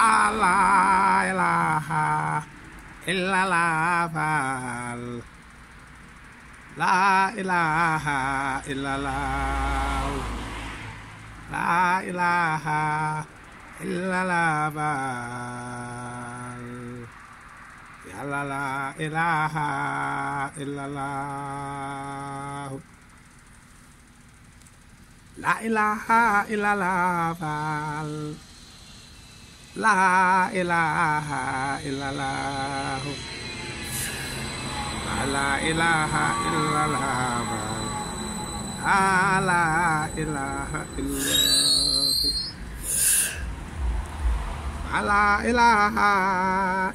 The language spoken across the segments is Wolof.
laa ilaaha illallah faal laa ilaaha illallah laa ilaaha illallah faal yàlla laa ilaaha illallah laa ilaaha illallah faal لا إله إلا الله لا إله إلا الله لا إله إلا الله لا إله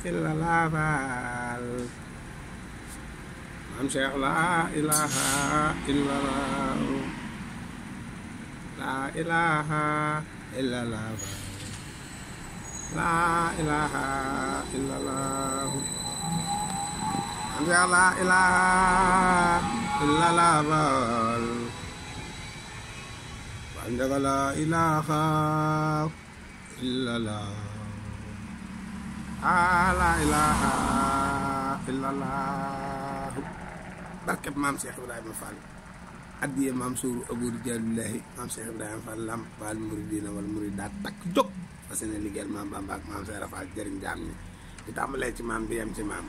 إلا الله عم لا إله إلا الله لا إله إلا الله laa ilaaha illallahu anbiya laa ilaaha illallah wa anbiya laa ilaaha illallah laa ilaaha illallah barkeb maam Cheikh Ibrahima Fall addiye maam suuru abuur jaalullahi maam Cheikh Ibrahima Fall lamp baal muridiina wal muridaat takk jóg seen yéene liggéeyal maam Bamba ak maam Seera Fall jëriñ jaam ñi di tàmbalee ci maam di yem ci maam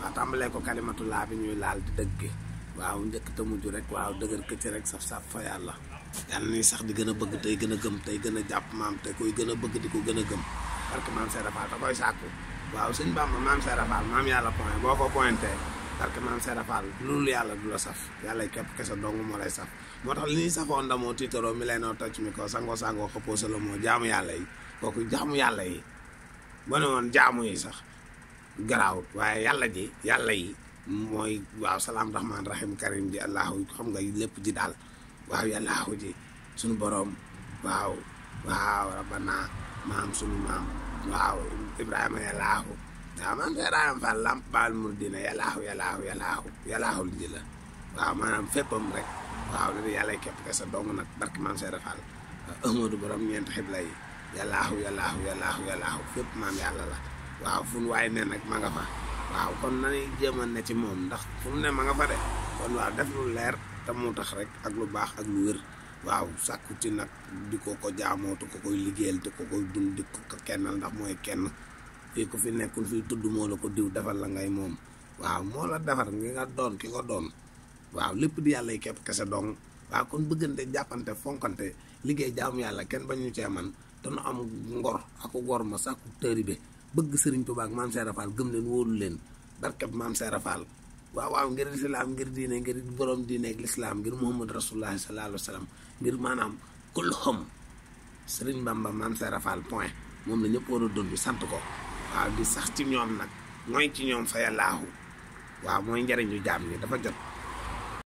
waaw tàmbalee ko kalimatulaa bi ñuy laal di dëgg gi waaw njëkk te mujj rek waaw dëgër këcc rek saf saf fa yàlla yàlla ni sax di gën a bëgg tey gën a gëm tey gën a jàpp maam te koy gën a bëgg di ko gën a gëm parce que maam Seera Fall da sàkku waaw sëñ Bamba maam Seera Fall maam yàlla point boo ko pointé barke maam Seera Fall loolu yàlla du la saf yàlla képp kese dong moo lay saf moo tax li ñuy safoo ndamoo tiitaroo mi mi ko sangoo sangoo xëppoo solo moo waaye yàlla ji yàlla mooy waaw salaam rahman rahim karim ji allahu xam nga lépp ji daal waaw yàllaahu ji sunu boroom waaw waaw rabbana maam sunu maam waaw ibrahima yàllaahu waaw man seeraayam fa làmpaal mur dina yalaahu yalaahu yalaahu yalaahul ji la waaw féppam rek waaw li yàlla képp kese dong nag barki maam seera faal Ahmadu borom ñeent xibla yi yalaahu yalaahu yalaahu yalaahu fépp maam yàlla la waaw fu nu waay ne nag ma fa waaw kon nanuy jéem a ne ci moom ndax fu mu ne ma nga fa de kon waaw def lu leer te mu tax rek ak lu baax ak lu wér waaw sàkku ci nag di ko ko jaamoo te ko koy liggéeyal te ko koy dund di ko ndax mooy kenn kii ku fi nekkul fii tudd moo la ko diw defal la ngay moom waaw moo la defar ngi nga doon ki ko doon waaw lépp di yàlla yi képp kese dong waaw kon bëggante jàppante fonkante liggéey jaamu yàlla kenn ñu cee man danu am ngor ak gor ma sàkku taalibe bëgg sëriñ Tuubaa ak maam Seera Faal gëm leen wóolu leen barkeb maam see Faal waaw waaw ngir lislaam ngir diine ngir borom diine ak lislaam ngir muhammad rasulullahi sallallahu alayhi wa sallam ngir maanaam kulhum sëriñ Bamba maam Seera Faal point moom a doon bi sant ko waaw di sax ci ñoom nag mooy ci ñoom fayalaahu waaw mooy njariñu jaam ñi dafa jot